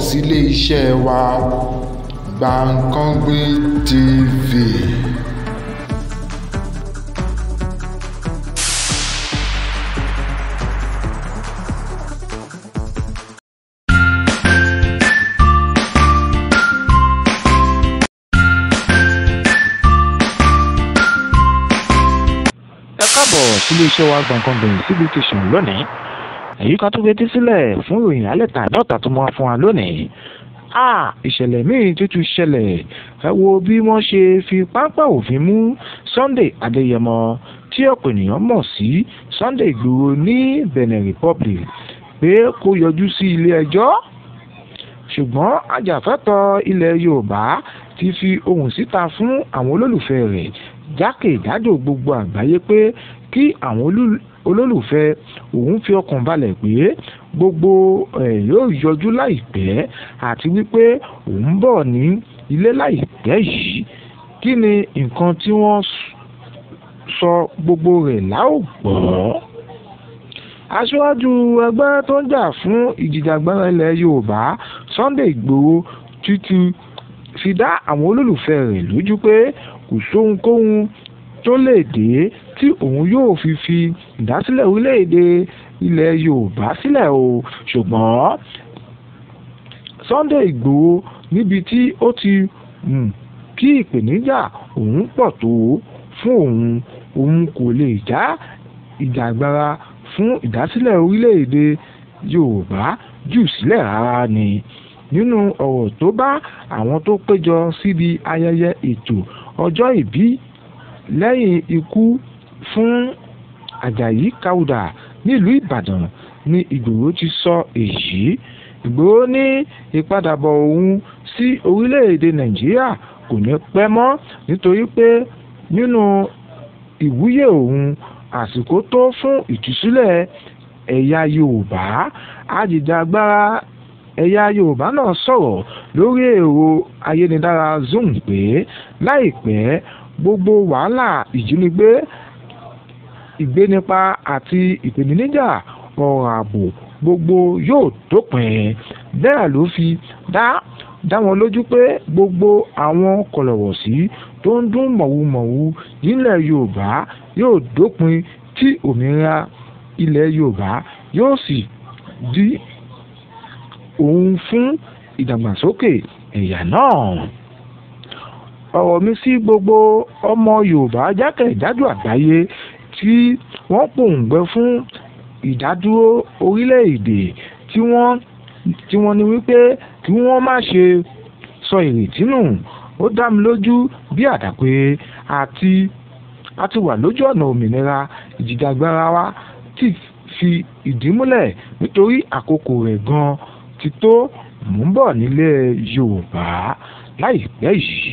sílé iṣẹ́ wa Gbankanbi TV. ẹ káàbọ̀ sílé iṣẹ́ wa Gbankanbi TV síbi tẹ̀sán lónìí èyí kan tó fetí sílẹ̀ fún ìròyìn alẹ́ tàn àdọ́ta tó máa fún wa lónìí ìṣẹ̀lẹ̀ míì tuntun ṣẹlẹ̀ ẹ wo bí wọ́n ṣe fi pápá òfin mú Sunday Adéyẹmọ tí ọ̀pọ̀ ènìyàn mọ̀ sí Sunday Ìgbòho ní Benin Republic pé kó yọjú sí ilé ẹjọ́ ṣùgbọ́n ajàfẹ́tọ̀ ilẹ̀ Yorùbá ti fi ohùn síta fún àwọn olólùfẹ́ rẹ̀ jákèjádò gbogbo àgbáyé pé kí àwọn olólùfẹ́ òun fi ọkàn balẹ̀ pé gbogbo ẹ̀ yóò yọjú láìpẹ́ àti wípé òun bọ̀ ní ilé láìpẹ́ yìí kí ni nǹkan tí wọ́n sọ gbogbo rẹ̀ láò gbọ́ aṣáájú ẹgbẹ́ tó ń jà fún ìjìjàgbara ilẹ̀ Yorùbá Sunday Ìgbòho títí fi dá àwọn olólùfẹ́ rẹ̀ lójú pé kò sóhunkóhun tó lè dé tí òun yóò fi fi ìdásílẹ̀ orílẹ̀-èdè ilẹ̀ Yorùbá sílẹ̀ o ṣùgbọ́n Sunday Ìgbòho níbi tí ó ti hmm, kí ìpèníjà òun pọ̀ tó fún òun òun kò lè já ìjàgbara fún ìdásílẹ̀ orílẹ̀-èdè Yorùbá jù sílẹ̀ rárá ni nínú ọ̀rọ̀ tó bá àwọn tó péjọ síbi ayẹyẹ ètò ọjọ́ ìbí lẹ́yìn ikú fún Àjàyí Káúdà nílùú Ìbàdàn ni Ìgbòho ti sọ èyí Ìgbòho ní ìpadàbọ̀ òun sí orílẹ̀-èdè Nàìjíríà kò ní pẹ́ mọ́ nítorí pé nínú ìwúyè òun àsìkò tó fún ìtúsílẹ̀ ẹ̀yà Yorùbá ajìjàgbara ẹ̀yà Yorùbá náà sọ̀rọ̀ lórí èrò ayélujára Zoom pé láìpẹ́ gbogbo wàhálà ìjínigbé ìgbénipa àti ìpèníjà ọ̀rọ̀ ààbò gbogbo yóò dópin bẹ́ẹ̀ ló fi dá dá wọn lójú pé gbogbo àwọn kọ̀lọ̀wọ̀sí tó ń dún mọ̀wùmọ̀wù nílẹ̀ Yorùbá yóò dópin tí òmìnira ilẹ̀ Yorùbá yóò sì di òun fún ìdàgbàsókè ẹ̀yà náà ọ̀rọ̀ mi sí gbogbo ọmọ Yorùbá jákèjádò àgbáyé tí wọ́n pòǹgbẹ fún ìdádúró orílẹ̀-èdè tí wọ́n ní wípé kí wọ́n má ṣe sọ ìrètí nù ó dá mi lójú bí àdàpé àti a ti wà lójú ọ̀nà òmìnira ìjìjàgbara wa ti fi ìdí múlẹ̀ nítorí àkókò rẹ̀ gan-an ti tó mò ń bọ̀ nílẹ̀ Yorùbá láìpẹ́ yìí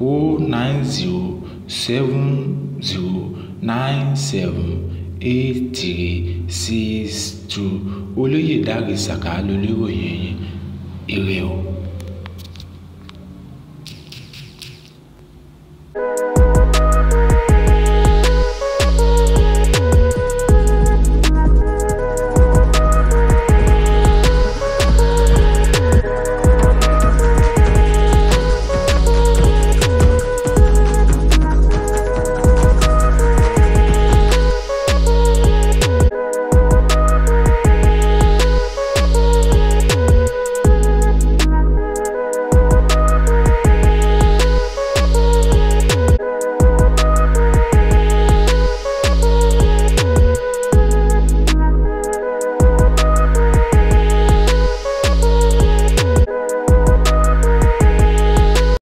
O nine nine zero zero seven seven eight three six two. 09070978362 olóyedàrẹ́ sàká lolùròyìn ire o